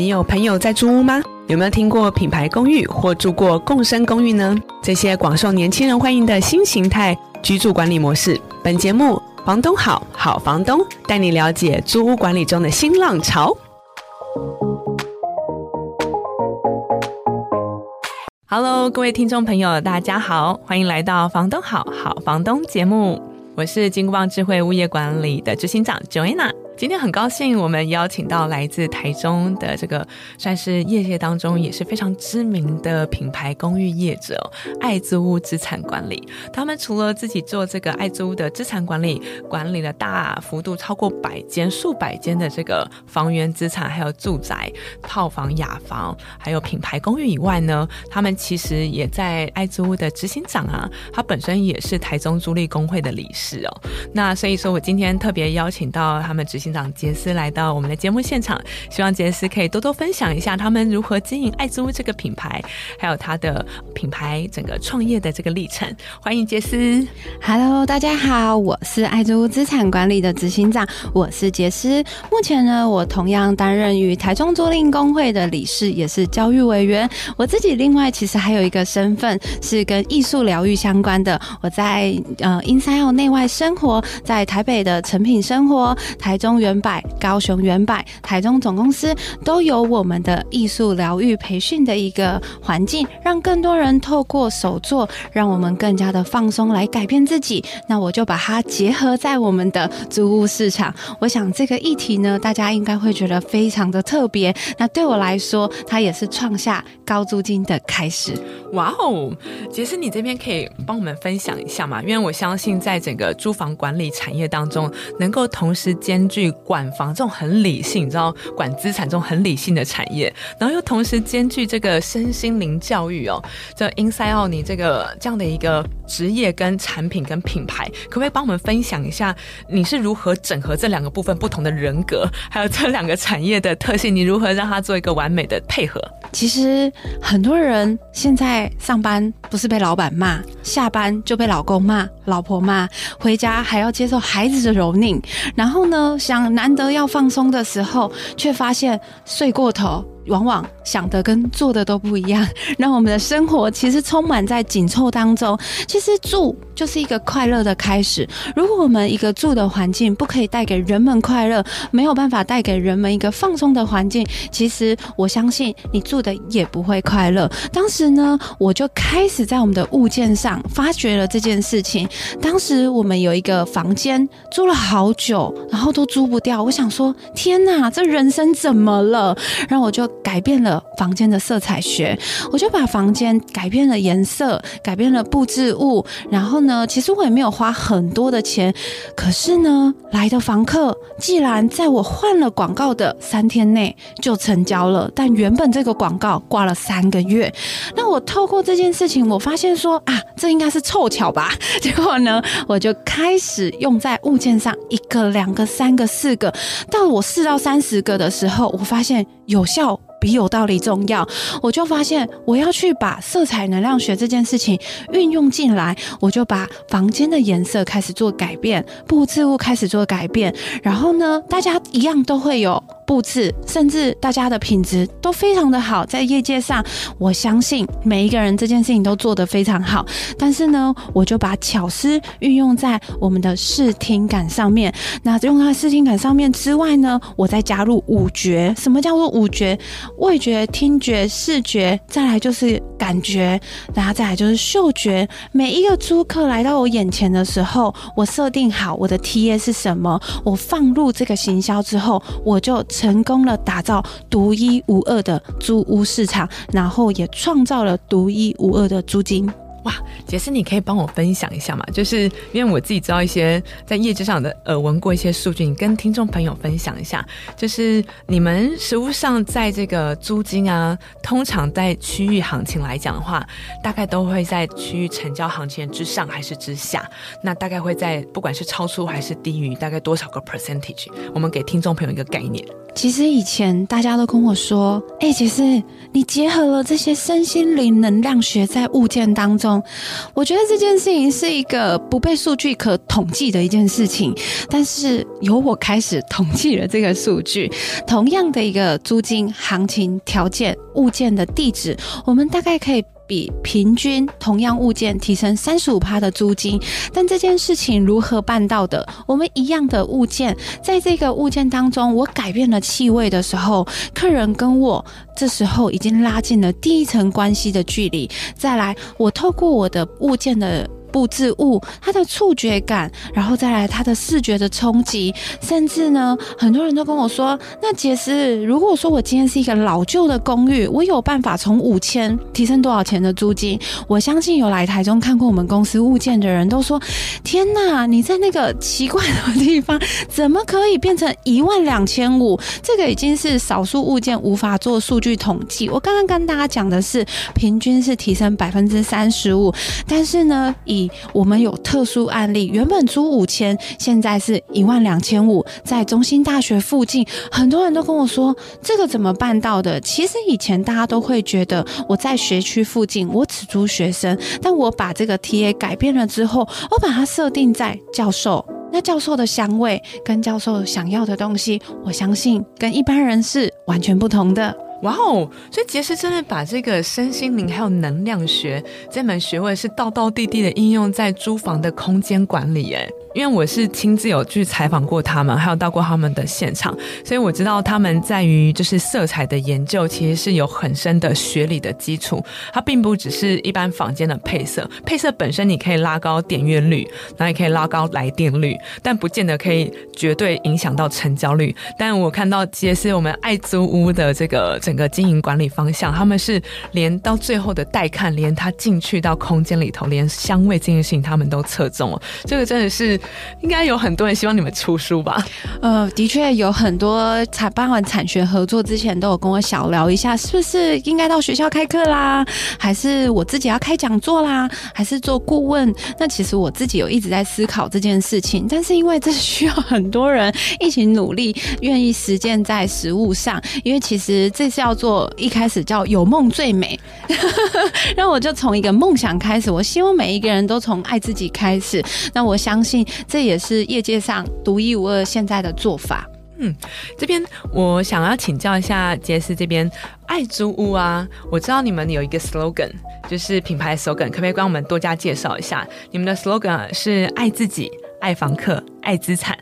你有朋友在租屋嗎？有沒有聽過品牌公寓或住過共生公寓呢？這些廣受年輕人歡迎的新形態居住管理模式。本節目《房東好》好房東帶你了解租屋管理中的新浪潮。Hello，各位聽眾朋友，大家好，歡迎來到《房東好》好房東節目，我是金箍棒智慧物業管理的執行長 Joanna。今天很高興，我們邀請到來自台中的這個算是業界當中也是非常知名的品牌公寓業者，哦——愛租屋資產管理。他們除了自己做這個愛租屋的資產管理，管理了大幅度超過百間、數百間的這個房源資產，還有住宅、套房、雅房，還有品牌公寓以外呢，他們其實也在愛租屋的執行長啊，他本身也是台中租賃公會的理事哦。那所以說我今天特別邀請到他們執行長 Jess 來到我們的節目現場，希望 Jess 可以多多分享一下他們如何經營愛租屋這個品牌，還有他的品牌整個創業的這個歷程。歡迎 Jess，Hello，大家好，我是愛租屋資產管理的執行長，我是 Jess。目前呢，我同樣擔任於台中租賃公會的理事，也是教育委員。我自己另外其實還有一個身份是跟藝術療癒相關的。我在呃 Inside Out 內外生活在台北的成品生活，台中、原柏、高雄原柏、台中總公司都有我們的藝術療癒培訓的一個環境，讓更多人透過手作，讓我們更加的放鬆來改變自己。那我就把它結合在我們的租屋市場。我想這個議題呢，大家應該會覺得非常的特別。那對我來說，它也是創下高租金的開始。哇哦，Jess 你這邊可以幫我們分享一下嗎？因為我相信，在整個租房管理產業當中，能夠同時兼具。去管房，這種很理性，你知道管資產這種很理性的產業，然後又同時兼具這個身心靈教育哦，就 Inside Out 你這個這樣的一個職業跟產品跟品牌，可不可以幫我們分享一下你是如何整合這兩個部分不同的人格，還有這兩個產業的特性，你如何讓它做一個完美的配合？其實很多人現在上班不是被老闆罵，下班就被老公罵、老婆罵，回家還要接受孩子的蹂躪，然後呢？想難得要放鬆的時候，卻發現睡過頭。往往想的跟做的都不一樣，讓我們的生活其實充滿在緊湊當中。其實住就是一個快樂的開始。如果我們一個住的環境不可以帶給人們快樂，沒有辦法帶給人們一個放鬆的環境，其實我相信你住的也不會快樂。當時呢，我就開始在我們的物件上發覺了這件事情。當時我們有一個房間租了好久，然後都租不掉。我想說，天哪，這人生怎麼了？然後我就。改變了房間的色彩學，我就把房間改變了顏色，改變了布置物。然後呢，其實我也沒有花很多的錢，可是呢，來的房客既然在我換了廣告的三天內就成交了，但原本這個廣告掛了三個月。那我透過這件事情，我發現說啊，這應該是湊巧吧。結果呢，我就開始用在物件上，一個、兩個、三個、四個，到了我四到三十個的時候，我發現有效。比有道理重要，我就發現我要去把色彩能量學這件事情運用進來，我就把房間的顏色開始做改變，布置物開始做改變，然後呢，大家一樣都會有布置，甚至大家的品質都非常的好，在業界上，我相信每一個人這件事情都做得非常好。但是呢，我就把巧思運用在我們的視聽感上面，那用在視聽感上面之外呢，我再加入五覺。什麼叫做五覺？味覺、聽覺、視覺，再來就是感覺，然後再來就是嗅覺。每一個租客來到我眼前的時候，我設定好我的 TA 是什麼，我放入這個行銷之後，我就成功了打造獨一無二的租屋市場，然後也創造了獨一無二的租金。哇，婕絲，你可以幫我分享一下嗎？就是因為我自己知道一些在業績上的耳聞過一些數據，你跟聽眾朋友分享一下，就是你們實務上在這個租金啊，通常在區域行情來講的話，大概都會在區域成交行情之上還是之下？那大概會在不管是超出還是低於大概多少個 percentage？我們給聽眾朋友一個概念。其實以前大家都跟我說，哎、欸，婕絲，你結合了這些身心靈能量學在物件當中。我覺得這件事情是一個不被數據可統計的一件事情，但是由我開始統計了這個數據，同樣的一個租金行情條件物件的地址，我們大概可以。比平均同樣物件提升三十五趴的租金，但這件事情如何辦到的？我們一樣的物件，在這個物件當中，我改變了氣味的時候，客人跟我這時候已經拉近了第一層關係的距離。再來，我透過我的物件的。布置物，它的觸覺感，然後再來它的視覺的衝擊，甚至呢，很多人都跟我說：“那杰斯，如果說我今天是一個老舊的公寓，我有辦法從五千提升多少錢的租金？”我相信有來台中看過我們公司物件的人都說：“天吶，你在那個奇怪的地方，怎麼可以變成一萬兩千五？”這個已經是少數物件無法做數據統計。我剛剛跟大家講的是平均是提升百分之三十五，但是呢，以我們有特殊案例，原本租五千，現在是一萬兩千五，在中心大學附近，很多人都跟我說這個怎麼辦到的？其實以前大家都會覺得我在學區附近，我只租學生，但我把這個 TA 改變了之後，我把它設定在教授，那教授的香味跟教授想要的東西，我相信跟一般人是完全不同的。哇哦！Wow, 所以 Jess 真的把這個身心靈還有能量學這門學問，是道道地地的應用在租房的空間管理耶。因為我是親自有去採訪過他們，還有到過他們的現場，所以我知道他們在於就是色彩的研究，其實是有很深的學理的基礎。它並不只是一般房間的配色，配色本身你可以拉高點閱率，然後也可以拉高來電率，但不見得可以絕對影響到成交率。但我看到 Jess 是我們愛租屋的這個整個經營管理方向，他們是連到最後的帶看，連他進去到空間裡頭，連香味這件事情他們都側重了。這個真的是。應該有很多人希望你們出書吧？呃，的確有很多，才辦完產學合作之前，都有跟我小聊一下，是不是應該到學校開課啦，還是我自己要開講座啦，還是做顧問？那其實我自己有一直在思考這件事情，但是因為這需要很多人一起努力，願意實踐在實務上，因為其實這是要做一開始叫有夢最美，那 我就從一個夢想開始，我希望每一個人都從愛自己開始，那我相信。這也是業界上獨一無二現在的做法。嗯，這邊我想要請教一下杰斯這邊愛租屋啊，我知道你們有一個 slogan，就是品牌 slogan，可不可以幫我們多加介紹一下？你們的 slogan 是愛自己、愛房客、愛資產，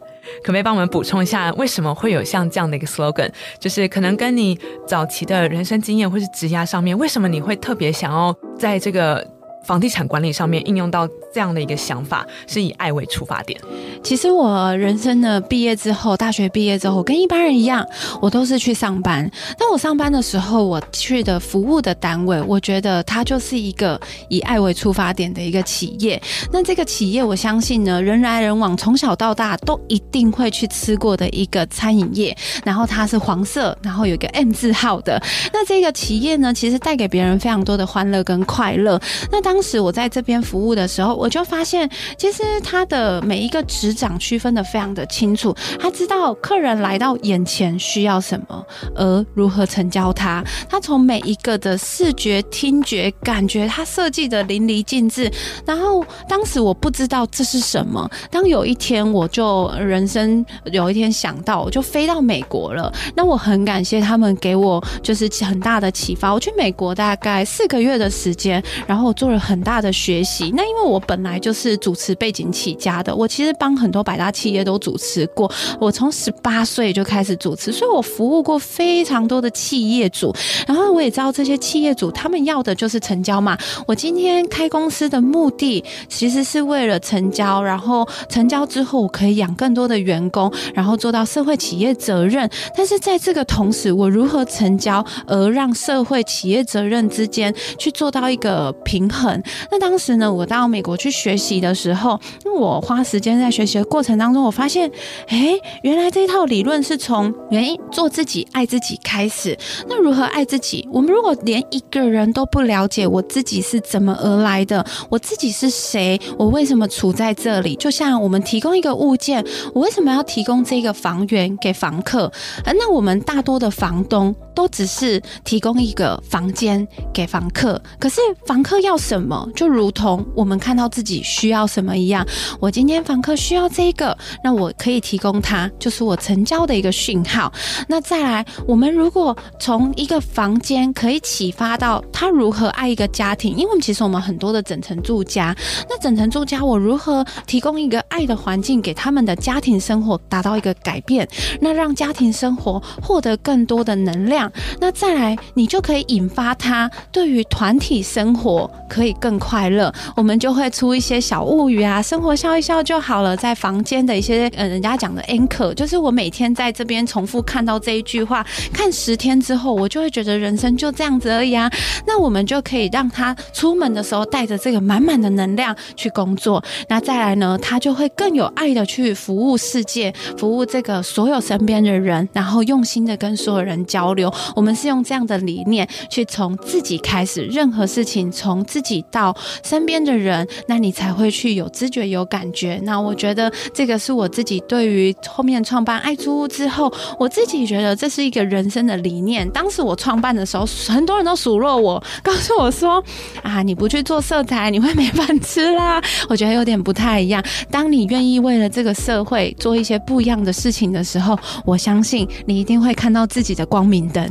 可不可以幫我們補充一下？為什麼會有像這樣的一個 slogan？就是可能跟你早期的人生經驗或是職業上面，為什麼你會特別想要在這個？房地產管理上面應用到這樣的一個想法，是以愛為出發點。其實我人生呢，畢業之後，大學畢業之後，我跟一般人一樣，我都是去上班。但我上班的時候，我去的服務的單位，我覺得它就是一個以愛為出發點的一個企業。那這個企業，我相信呢，人來人往，從小到大都一定會去吃過的一個餐飲業。然後它是黃色，然後有一個 M 字號的。那這個企業呢，其實帶給別人非常多的歡樂跟快樂。那當當時我在這邊服務的時候，我就發現，其實他的每一個執掌區分的非常的清楚，他知道客人來到眼前需要什麼，而如何成交他。他從每一個的視覺、聽覺、感覺，他設計得淋漓盡致。然後當時我不知道這是什麼，當有一天我就人生有一天想到，我就飛到美國了。那我很感謝他們給我就是很大的啟發。我去美國大概四個月的時間，然後我做了很。很大的學習，那因為我本來就是主持背景起家的，我其實幫很多百大企業都主持過，我從十八歲就開始主持，所以我服務過非常多的企業主，然後我也知道這些企業主他們要的就是成交嘛。我今天開公司的目的其實是為了成交，然後成交之後我可以養更多的員工，然後做到社會企業責任。但是在這個同時，我如何成交，而讓社會企業責任之間去做到一個平衡？那當時呢，我到美國去學習的時候，那我花時間在學習的過程當中，我發現，欸，原來這一套理論是從原因做自己、愛自己開始。那如何愛自己？我們如果連一個人都不了解，我自己是怎麼而來的，我自己是誰，我為什麼處在這裡？就像我們提供一個物件，我為什麼要提供這個房源給房客？那我們大多的房東。都只是提供一個房間給房客，可是房客要什麼？就如同我們看到自己需要什麼一樣。我今天房客需要這個，那我可以提供它，就是我成交的一個訊號。那再來，我們如果從一個房間可以啟發到他如何愛一個家庭，因為我們其實我們很多的整層住家，那整層住家我如何提供一個愛的環境，給他們的家庭生活達到一個改變，那讓家庭生活獲得更多的能量。那再來，你就可以引發他對於團體生活可以更快樂。我們就會出一些小物語啊，生活笑一笑就好了。在房間的一些呃，人家講的 anchor，就是我每天在這邊重複看到這一句話，看十天之後，我就會覺得人生就這樣子而已啊。那我們就可以讓他出門的時候帶着這個滿滿的能量去工作。那再來呢，他就會更有愛的去服務世界，服務這個所有身邊的人，然後用心的跟所有人交流。我們是用這樣的理念去從自己開始，任何事情從自己到身邊的人，那你才會去有知覺有感覺。那我覺得這個是我自己對於後面創辦愛租屋之後，我自己覺得這是一個人生的理念。當時我創辦的時候，很多人都數落我，告訴我說：“啊，你不去做色彩，你會沒飯吃啦。”我覺得有點不太一樣。當你願意為了這個社會做一些不一樣的事情的時候，我相信你一定會看到自己的光明燈。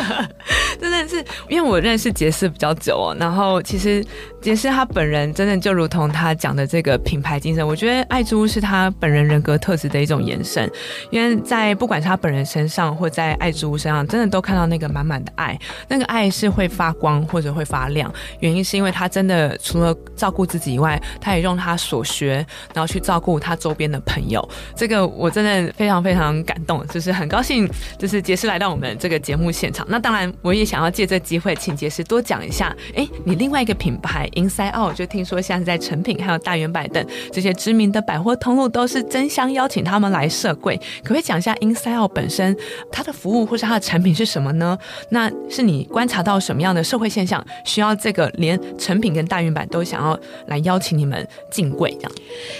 真的是，因為我認識婕絲比較久哦，然後其實。傑斯他本人真的就如同他講的這個品牌精神，我覺得愛租屋是他本人人格特質的一種延伸，因為在不管是他本人身上，或在愛租屋身上，真的都看到那個滿滿的愛，那個愛是會發光或者會發亮，原因是因為他真的除了照顧自己以外，他也用他所學，然後去照顧他周邊的朋友，這個我真的非常非常感動，就是很高興，就是傑斯來到我們這個節目現場，那當然我也想要借這機會，請傑斯多講一下，哎、欸，你另外一個品牌。instyle，就聽說像是在在誠品還有大遠百等這些知名的百貨通路都是爭相邀請他們來設櫃，可不可以講一下 Inside Out 本身它的服務或是它的產品是什麼呢？那是你觀察到什麼樣的社會現象，需要這個連誠品跟大遠百都想要來邀請你們進櫃這樣？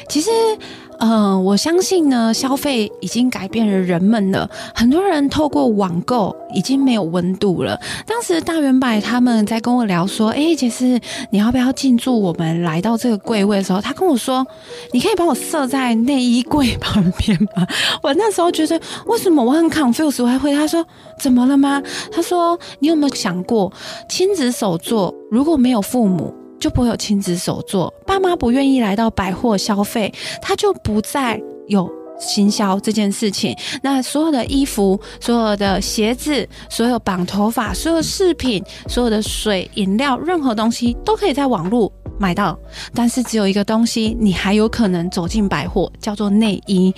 其實。嗯，我相信呢，消費已經改變了人們了。很多人透過網購已經沒有溫度了。當時大圓柏他們在跟我聊說，誒、欸，Jess，你要不要進駐我們來到這個櫃位的時候，他跟我說，你可以把我設在內衣櫃旁邊嗎？我那時候覺得，為什麼我很 confused，我還回答他說，怎麼了嗎？他說，你有沒有想過，親子手作如果沒有父母？就不會有親子手作，爸媽不願意來到百貨消費，他就不再有行銷這件事情。那所有的衣服、所有的鞋子、所有綁頭髮、所有飾品、所有的水、飲料，任何東西都可以在網絡。買到，但是只有一個東西，你還有可能走進百貨，叫做內衣。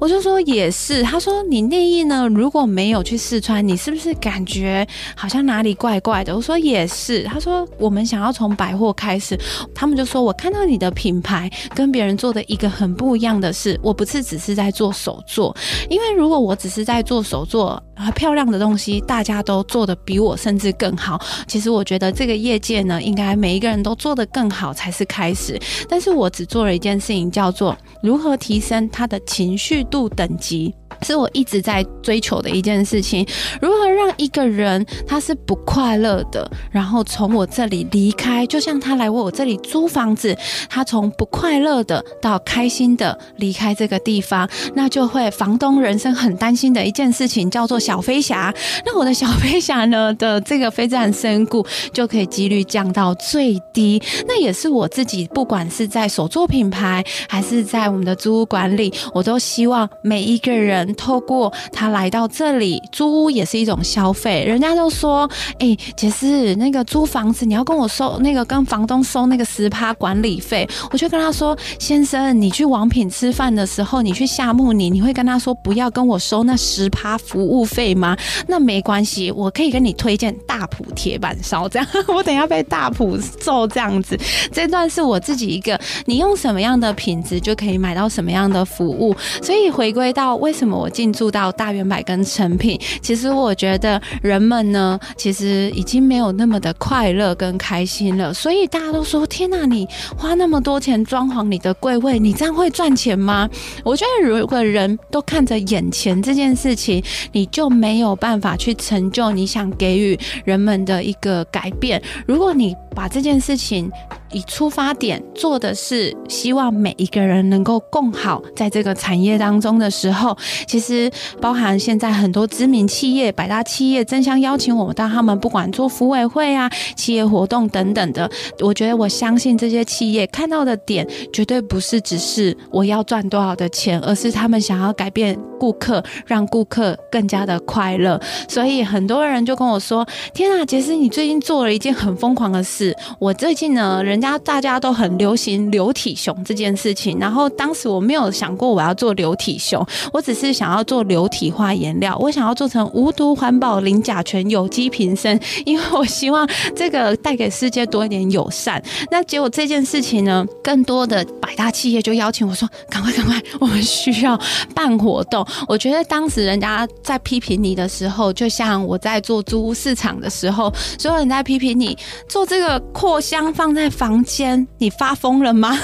我就說也是，他說你內衣呢，如果沒有去試穿，你是不是感覺好像哪裡怪怪的？我說也是。他說我們想要從百貨開始，他們就說我看到你的品牌跟別人做的一個很不一樣的事，我不是只是在做手作，因為如果我只是在做手作，啊，漂亮的東西大家都做得比我甚至更好，其實我覺得這個業界呢，應該每一個人都做得更好。好，才是開始，但是我只做了一件事情，叫做如何提升他的情緒度等級。是我一直在追求的一件事情。如何讓一個人他是不快樂的，然後從我這裡離開，就像他來為我這裡租房子，他從不快樂的到開心的離開這個地方，那就會房東人生很擔心的一件事情叫做小飛俠。那我的小飛俠呢的這個非自然身故就可以幾率降到最低。那也是我自己不管是在手作品牌，還是在我們的租屋管理，我都希望每一個人。透過他來到這裡租屋也是一種消費，人家都說，哎、欸，Jess 那個租房子你要跟我收那個跟房東收那個十趴管理費，我就跟他說，先生，你去王品吃飯的時候，你去夏慕尼，你會跟他說不要跟我收那十趴服務費嗎？那沒關係，我可以跟你推薦大埔鐵板燒，這樣 我等一下被大埔揍這樣子。這段是我自己一個，你用什麼樣的品質就可以買到什麼樣的服務，所以回歸到為什麼。我進駐到大遠百跟成品，其實我覺得人們呢，其實已經沒有那麼的快樂跟開心了。所以大家都說：“天哪，你花那麼多錢裝潢你的櫃位，你這樣會賺錢嗎？”我覺得如果人都看着眼前這件事情，你就沒有辦法去成就你想給予人們的一個改變。如果你把這件事情，以出發點做的是希望每一個人能夠共好，在這個產業當中的時候，其實包含現在很多知名企業、百大企業爭相邀請我們，但他們不管做服務委會啊、企業活動等等的，我覺得我相信這些企業看到的點，絕對不是只是我要賺多少的錢，而是他們想要改變顧客，讓顧客更加的快樂。所以很多人就跟我說：“天啊，婕絲，你最近做了一件很瘋狂的事。”我最近呢，人。人家大家都很流行流體熊這件事情，然後當時我沒有想過我要做流體熊，我只是想要做流體畫顏料，我想要做成無毒環保零甲醛有機瓶身，因為我希望這個帶給世界多一點友善。那結果這件事情呢，更多的百大企業就邀請我說：“趕快趕快，我們需要辦活動。”我覺得當時人家在批評你的時候，就像我在做租屋市場的時候，所有人在批評你做這個擴香放在房。房間，你發瘋了嗎？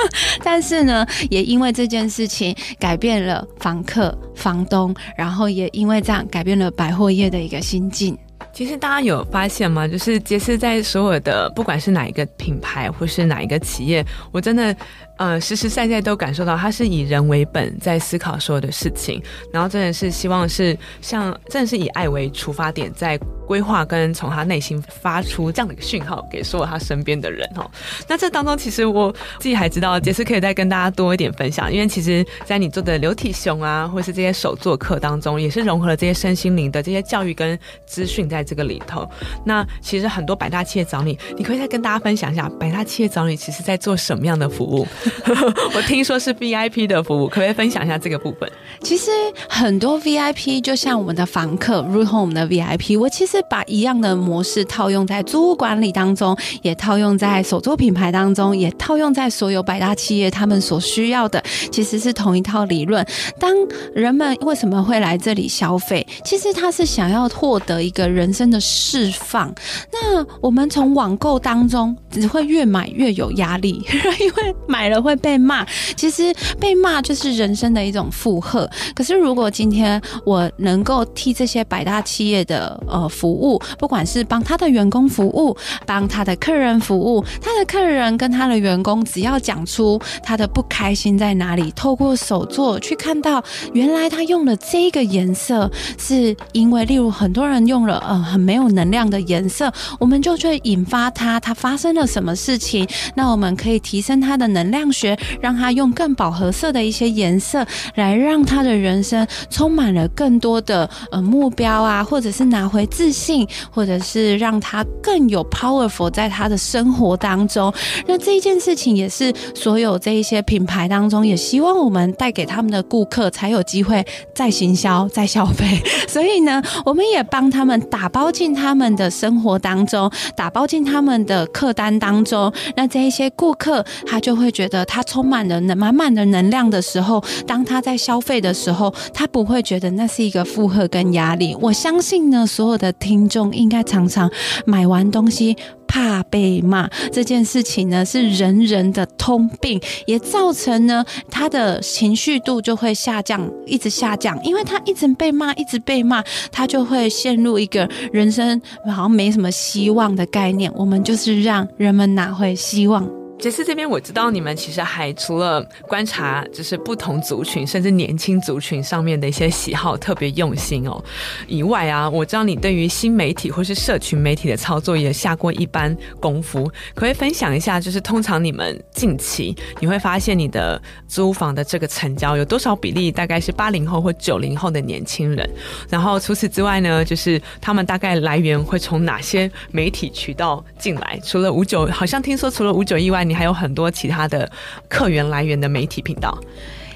但是呢，也因為這件事情改變了房客、房東，然後也因為這樣改變了百貨業的一個心境。其實大家有發現嗎？就是 Jess 在所有的，不管是哪一個品牌或是哪一個企業，我真的。呃，實實在在都感受到他是以人為本在思考所有的事情，然後真的是希望是像真的是以愛為出發點，在規劃跟從他內心發出這樣的一個訊號給所有他身邊的人哦。那這當中其實我自己還知道，Jess 可以再跟大家多一點分享，因為其實在你做的流體熊啊，或是這些手作課當中，也是融合了這些身心靈的這些教育跟資訊在這個裡頭。那其實很多百大企業找你，你可以再跟大家分享一下，百大企業找你其實在做什麼樣的服務？ 我聽說是 VIP 的服務，可不可以分享一下這個部分？其實很多 VIP 就像我們的房客，如同我們的 VIP，我其實把一樣的模式套用在租屋管理當中，也套用在手作品牌當中，也套用在所有百大企業，他們所需要的其實是同一套理論。當人們為什麼會來這裡消費？其實他是想要獲得一個人生的釋放。那我們從網購當中只會越買越有壓力，因為買了。會被罵，其實被罵就是人生的一種負荷。可是如果今天我能夠替這些百大企業的呃服務，不管是幫他的員工服務，幫他的客人服務，他的客人跟他的員工只要講出他的不開心在哪裡，透過手作去看到原來他用了這個顏色，是因為例如很多人用了呃很沒有能量的顏色，我們就去引發他，他發生了什麼事情，那我們可以提升他的能量，讓學讓他用更飽和色的一些顏色來讓他的人生充滿了更多的呃目標啊，或者是拿回自信，或者是讓他更有 powerful 在他的生活當中。那這一件事情也是所有這一些品牌當中，也希望我們帶給他們的顧客才有機會再行銷再消費。所以呢，我們也幫他們打包進他們的生活當中，打包進他們的客單當中。那這一些顧客他就會覺得。的他充滿了滿滿的能量的時候，當他在消費的時候，他不會覺得那是一個負荷跟壓力。我相信呢，所有的聽眾應該常常買完東西怕被罵這件事情呢，是人人的通病，也造成呢他的情緒度就會下降，一直下降，因為他一直被罵，一直被罵，他就會陷入一個人生好像沒什麼希望的概念。我們就是讓人們拿回希望。婕絲這，這邊我知道你們其實還除了觀察就是不同族群甚至年輕族群上面的一些喜好特別用心哦，以外啊，我知道你對於新媒體或是社群媒體的操作也下過一番功夫，可以分享一下，就是通常你們近期你會發現你的租房的這個成交有多少比例大概是八零後或九零後的年輕人，然後除此之外呢，就是他們大概來源會從哪些媒體渠道進來？除了五九，好像聽說除了五九以外。你還有很多其他的客源來源的媒體頻道。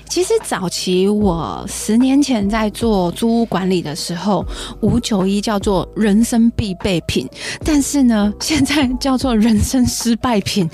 其實早期我十年前在做租屋管理的時候，五九一叫做人生必備品，但是呢，現在叫做人生失敗品。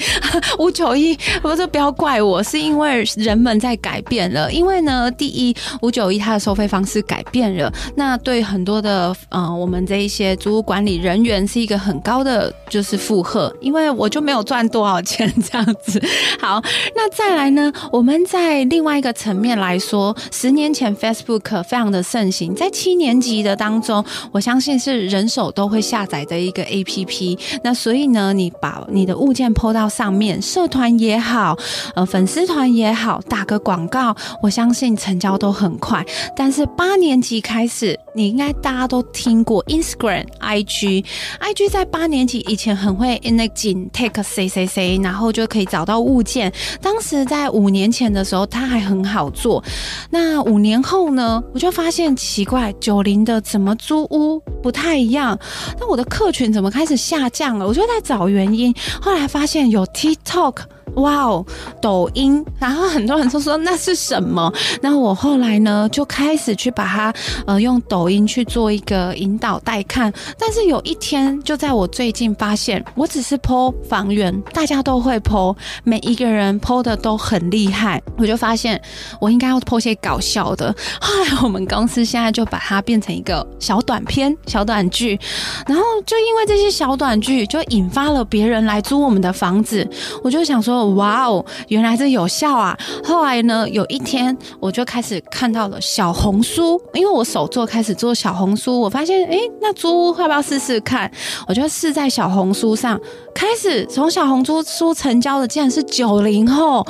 五九一，我說不要怪我，是因為人們在改變了。因為呢，第一，五九一它的收費方式改變了，那對很多的，呃，我們這一些租屋管理人員是一個很高的就是負荷，因為我就沒有賺多少錢這樣子。好，那再來呢，我們在另外一個層。層面來說，十年前 Facebook 非常的盛行，在七年級的當中，我相信是人手都會下載的一個 APP。那所以呢，你把你的物件 PO 到上面，社團也好，呃，粉絲團也好，打個廣告，我相信成交都很快。但是八年級開始。你應該大家都聽過 Instagram，IG，IG 在八年級以前很會 in a t i n g take C C C，然後就可以找到物件。當時在五年前的時候，它還很好做。那五年後呢，我就發現奇怪，九零的怎麼租屋不太一樣？那我的客群怎麼開始下降了？我就在找原因。後來發現有 TikTok。哇哦，wow, 抖音，然後很多人都說那是什麼？那我後來呢就開始去把它呃用抖音去做一個引導帶看。但是有一天，就在我最近發現，我只是 PO 房源，大家都會 PO，每一個人 PO 的都很厲害，我就發現我應該要 PO 些搞笑的。後來我們公司現在就把它變成一個小短片、小短劇，然後就因為這些小短劇就引發了別人來租我們的房子，我就想說。哇哦，原來這有效啊！後來呢，有一天我就開始看到了小紅書，因為我手作開始做小紅書，我發現哎、欸，那租屋要不要試試看？我就試在小紅書上，開始從小紅書書成交的竟然是九零後，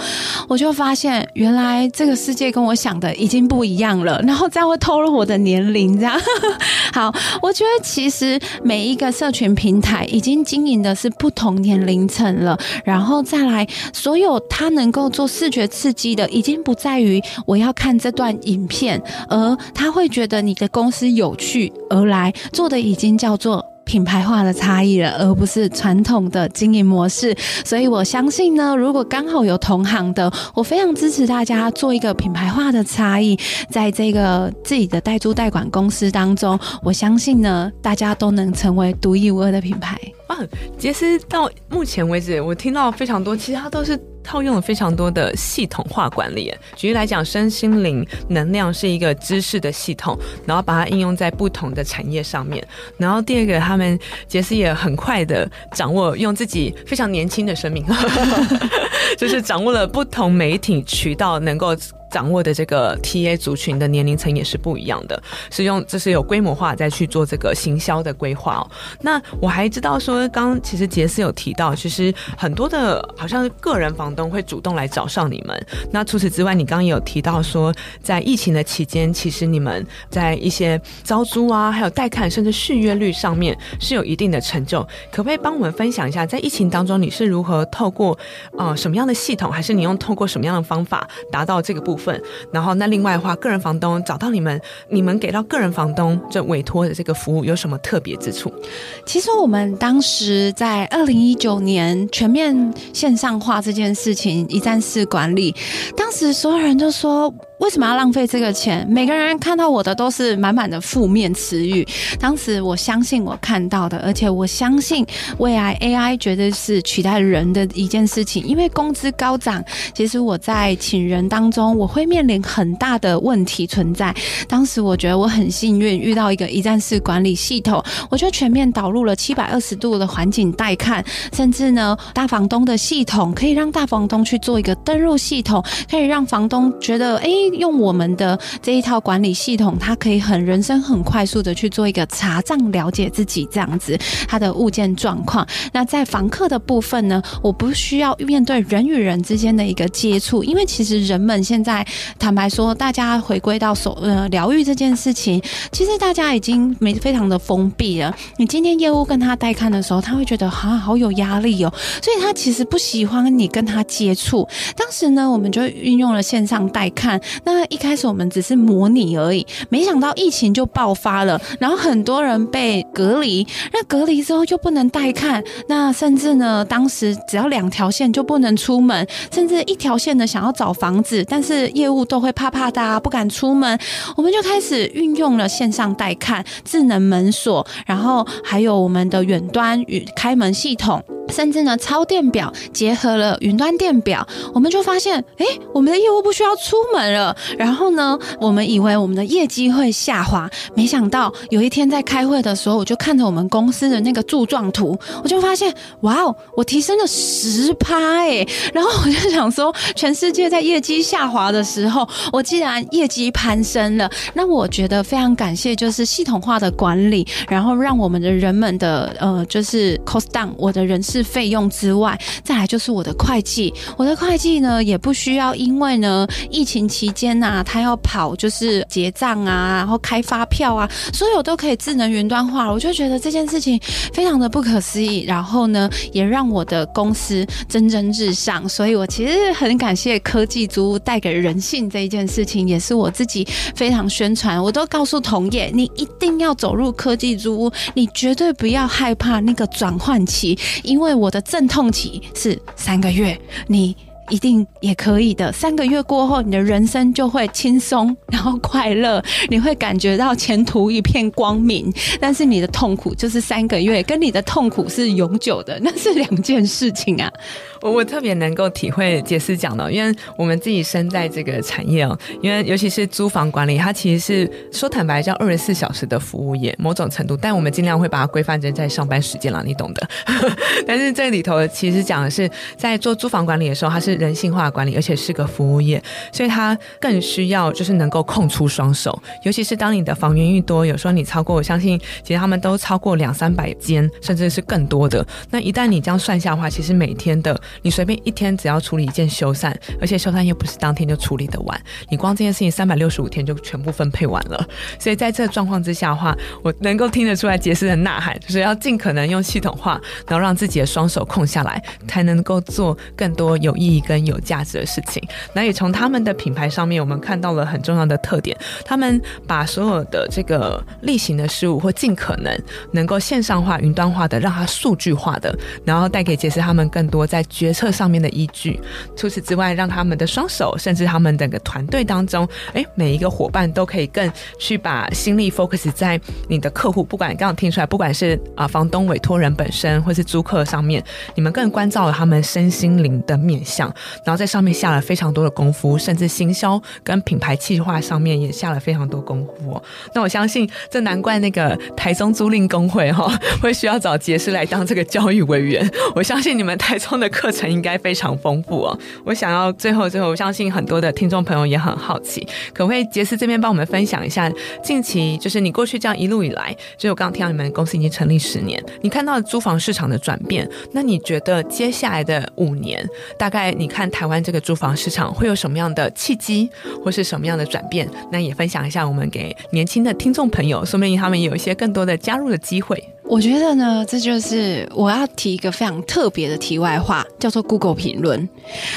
我就發現原來這個世界跟我想的已經不一樣了。然後再會透露我的年齡這樣， 好，我覺得其實每一個社群平台已經經營的是不同年齡層了，然後再來。所有他能夠做視覺刺激的，已經不在於我要看這段影片，而他會覺得你的公司有趣而來做的，已經叫做。品牌化的差異了，而不是傳統的經營模式。所以我相信呢，如果剛好有同行的，我非常支持大家做一個品牌化的差異，在這個自己的代租代管公司當中，我相信呢，大家都能成為獨一無二的品牌。哇，婕絲到目前為止，我聽到非常多，其他都是。套用了非常多的系統化管理，舉例來講，身心靈能量是一個知識的系統，然後把它應用在不同的產業上面。然後第二個，他們 Jess 也很快的掌握，用自己非常年輕的生命， 就是掌握了不同媒體渠道能夠。掌握的這個 TA 族群的年齡層也是不一樣的，是用就是有規模化再去做這個行銷的規劃哦。那我還知道說，剛其實杰斯有提到，其實很多的，好像是個人房東會主動來找上你們。那除此之外，你剛剛也有提到說，在疫情的期間，其實你們在一些招租啊，還有帶看，甚至續約率上面是有一定的成就。可不可以幫我們分享一下，在疫情當中，你是如何透過呃什麼樣的系統，還是你用透過什麼樣的方法達到這個部分？份，然後那另外的話，個人房東找到你們，你們給到個人房東這委托的這個服務有什麼特別之處？其實我們當時在二零一九年全面線上化這件事情，一站式管理，當時所有人都說為什麼要浪費這個錢？每個人看到我的都是滿滿的負面詞語。當時我相信我看到的，而且我相信未來 AI 絕對是取代人的一件事情，因為工資高漲。其實我在請人當中，我會會面臨很大的問題存在。當時我覺得我很幸運遇到一個一站式管理系統，我就全面導入了七百二十度的環境帶看，甚至呢，大房東的系統可以讓大房東去做一個登入系統，可以讓房東覺得，哎，用我們的這一套管理系統，他可以很人生很快速的去做一個查賬，了解自己這樣子他的物件狀況。那在房客的部分呢，我不需要面對人與人之間的一個接觸，因為其實人們現在。坦白說，大家回歸到手呃療癒這件事情，其實大家已經沒非常的封閉了。你今天業務跟他帶看的時候，他會覺得啊好有壓力哦，所以他其實不喜歡你跟他接觸。當時呢，我們就運用了線上帶看。那一開始我們只是模擬而已，沒想到疫情就爆發了，然後很多人被隔離。那隔離之後就不能帶看，那甚至呢，當時只要兩條線就不能出門，甚至一條線呢想要找房子，但是。業務都會怕怕的啊，不敢出門。我們就開始運用了線上帶看、智能門鎖，然後還有我們的遠端與開門系統。甚至呢，抄電表結合了雲端電表，我們就發現，哎、欸，我們的業務不需要出門了。然後呢，我們以為我們的業績會下滑，沒想到有一天在開會的時候，我就看着我們公司的那個柱狀圖，我就發現，哇哦，我提升了十趴哎。然後我就想說，全世界在業績下滑的時候，我竟然業績攀升了，那我覺得非常感謝，就是系統化的管理，然後讓我們的人們的呃，就是 cost down 我的人事。費用之外，再來就是我的會計。我的會計呢，也不需要，因為呢，疫情期間啊，他要跑就是結賬啊，然後開發票啊，所有都可以智能雲端化。我就覺得這件事情非常的不可思議，然後呢，也讓我的公司蒸蒸日上。所以，我其實很感謝科技租屋帶給人性這一件事情，也是我自己非常宣傳。我都告訴同業，你一定要走入科技租屋，你絕對不要害怕那個轉換期，因因為我的陣痛期是三個月，你一定也可以的。三個月過後，你的人生就會輕鬆，然後快樂，你會感覺到前途一片光明。但是你的痛苦就是三個月，跟你的痛苦是永久的，那是兩件事情啊。我我特別能夠體會杰斯講的，因為我們自己身在這個產業哦，因為尤其是租房管理，它其實是說坦白叫二十四小時的服務業，某種程度，但我們儘量會把它規範成在上班時間了，你懂的。 但是這裡頭其實講的是，在做租房管理的時候，它是。人性化的管理，而且是個服務業，所以他更需要就是能夠空出雙手。尤其是當你的房源越多，有時候你超過，我相信其實他們都超過兩三百間，甚至是更多的。那一旦你這樣算下的話，其實每天的你隨便一天只要處理一件修繕，而且修繕又不是當天就處理的完，你光這件事情三百六十五天就全部分配完了。所以在這個狀況之下的話，我能夠聽得出來傑斯的吶喊就是要盡可能用系統化，然後讓自己的雙手空下來，才能夠做更多有意義跟有價值的事情，那也從他們的品牌上面，我們看到了很重要的特點。他們把所有的這個例行的事物，或盡可能能夠線上化、雲端化的，讓它數據化的，然後帶給 Jess 他們更多在決策上面的依據。除此之外，讓他們的雙手，甚至他們整個團隊當中，欸，每一個夥伴都可以更去把心力 focus 在你的客戶，不管剛剛聽出來，不管是啊房東委托人本身，或是租客上面，你們更關照了他們身心靈的面向。然後在上面下了非常多的功夫，甚至行銷跟品牌企劃上面也下了非常多功夫，哦。那我相信，這難怪那個台中租賃工會哈，哦，會需要找杰斯來當這個教育委員。我相信你們台中的課程應該非常豐富哦。我想要最後最後，我相信很多的聽眾朋友也很好奇，可不可以杰斯這邊幫我們分享一下近期，就是你過去這樣一路以來，就是我剛剛聽到你們公司已經成立十年，你看到租房市場的轉變，那你覺得接下來的五年大概你？看台灣這個住房市場會有什麼樣的契機，或是什麼樣的轉變？那也分享一下，我們給年輕的聽眾朋友，說明他們也有一些更多的加入的機會。我覺得呢，這就是我要提一個非常特別的題外話，叫做 Google 評論。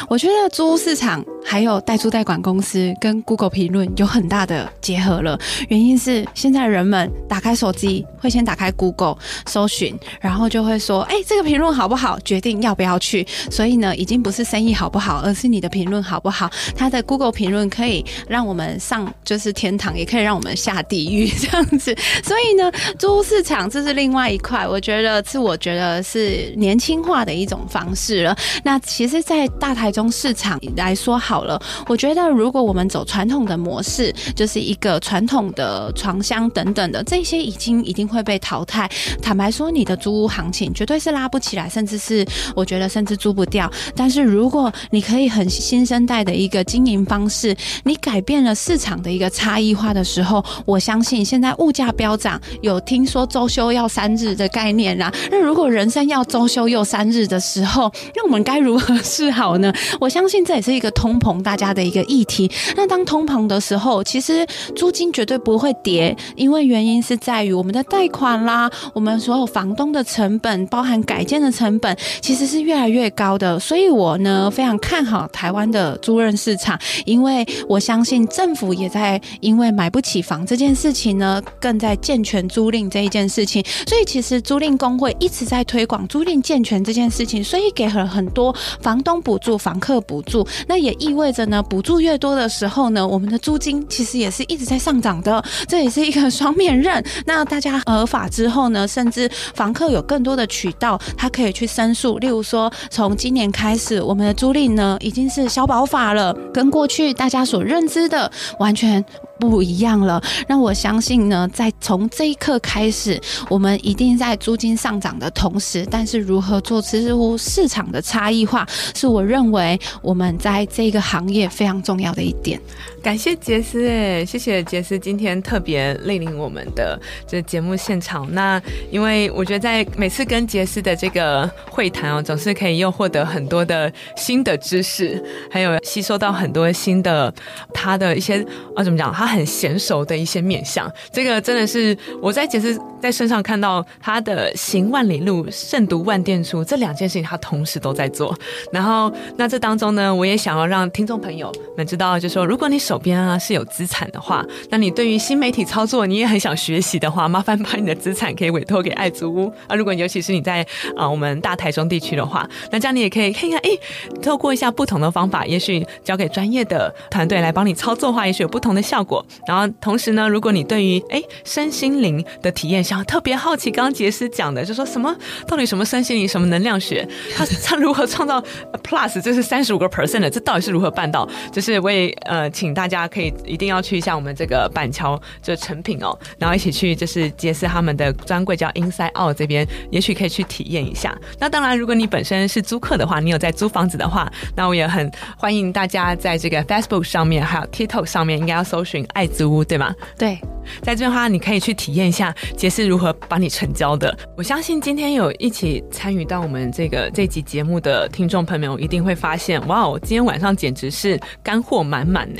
我覺得租屋市場還有代租代管公司跟 Google 評論有很大的結合了，原因是現在人們打開手機會先打開 Google 搜尋，然後就會說，哎、欸，這個評論好不好，決定要不要去。所以呢，已經不是生意好不好，而是你的評論好不好。他的 Google 評論可以讓我們上就是天堂，也可以讓我們下地獄這樣子。所以呢，租屋市場這是另外。那一塊，我覺得是我覺得是年輕化的一種方式了。那其實，在大台中市場來說，好了，我覺得如果我們走傳統的模式，就是一個傳統的床箱等等的這些，已經一定會被淘汰。坦白說，你的租屋行情絕對是拉不起來，甚至是我覺得甚至租不掉。但是，如果你可以很新生代的一個經營方式，你改變了市場的一個差異化的時候，我相信現在物價飆漲，有聽說周休要三日的概念啦，那如果人生要周休又三日的時候，那我們該如何是好呢？我相信這也是一個通膨大家的一個議題。那當通膨的時候，其實租金絕對不會跌，因為原因是在於我們的貸款啦，我們所有房東的成本，包含改建的成本，其實是越來越高的。所以我呢，非常看好台灣的租賃市場，因為我相信政府也在因為買不起房這件事情呢，更在健全租賃這一件事情，所以。其實租賃公會一直在推廣租賃健全這件事情，所以給了很多房東補助、房客補助。那也意味着呢，補助越多的時候呢，我們的租金其實也是一直在上漲的。這也是一個雙面刃。那大家合法之後呢，甚至房客有更多的渠道，他可以去申訴。例如說，從今年開始，我們的租賃呢已經是消保法了，跟過去大家所認知的完全。不一樣了，讓我相信呢，在從這一刻開始，我們一定在租金上漲的同時，但是如何做，似乎市場的差異化，是我認為我們在這個行業非常重要的一點。感謝杰斯，哎，謝謝杰斯今天特別蒞臨我們的這節目現場。那因為我覺得在每次跟杰斯的這個會談哦，總是可以又獲得很多的新的知識，還有吸收到很多新的他的一些啊，怎麼講？他很嫻熟的一些面向。這個真的是我在杰斯在身上看到他的行萬里路，勝讀萬卷書這兩件事情，他同時都在做。然後那這當中呢，我也想要讓聽眾朋友們知道，就說如果你手手邊啊是有資產的話，那你對於新媒體操作，你也很想學習的話，麻煩把你的資產可以委托給愛租屋啊。如果你尤其是你在啊、呃、我們大台中地區的話，那這樣你也可以看一下，哎、欸，透過一下不同的方法，也許交給專業的團隊來幫你操作話，也許有不同的效果。然後同時呢，如果你對於哎、欸、身心靈的體驗，想特別好奇剛剛，剛杰斯講的就說什麼到底什麼身心靈什麼能量學，他他如何創造 plus 就是三十五個 percent 的，這到底是如何辦到？就是為呃，請大。大家可以一定要去一下我們這個板橋就成品哦，然後一起去就是婕絲他們的專櫃叫 Inside Out 這邊，也許可以去體驗一下。那當然，如果你本身是租客的話，你有在租房子的話，那我也很歡迎大家在這個 Facebook 上面還有 TikTok 上面，應該要搜尋愛租屋對嗎？對吧，對，在這邊的話，你可以去體驗一下婕絲如何幫你成交的。我相信今天有一起參與到我們這個這集節目的聽眾朋友，我一定會發現哇，哦，今天晚上簡直是乾貨滿滿呢。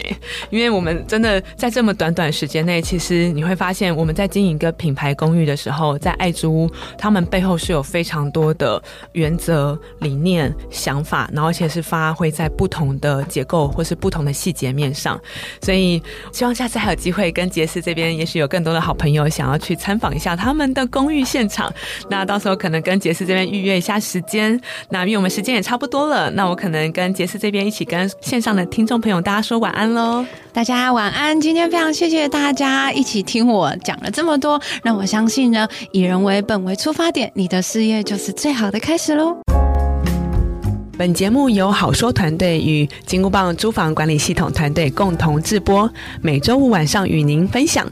因為我們真的在這麼短短時間內，其實你會發現，我們在經營一個品牌公寓的時候，在愛租屋，他們背後是有非常多的原則、理念、想法，然後而且是發揮在不同的結構或是不同的細節面上。所以，希望下次還有機會跟婕絲這邊，也許有更多的好朋友想要去參訪一下他們的公寓現場。那到時候可能跟婕絲這邊預約一下時間。那因為我們時間也差不多了，那我可能跟婕絲這邊一起跟線上的聽眾朋友大家說晚安嘍。大家晚安，今天非常謝謝大家一起聽我講了這麼多，那我相信呢，以人為本為出發點，你的事業就是最好的開始嘍。本節目由好說團隊與金箍棒租房管理系統團隊共同製播，每周五晚上與您分享。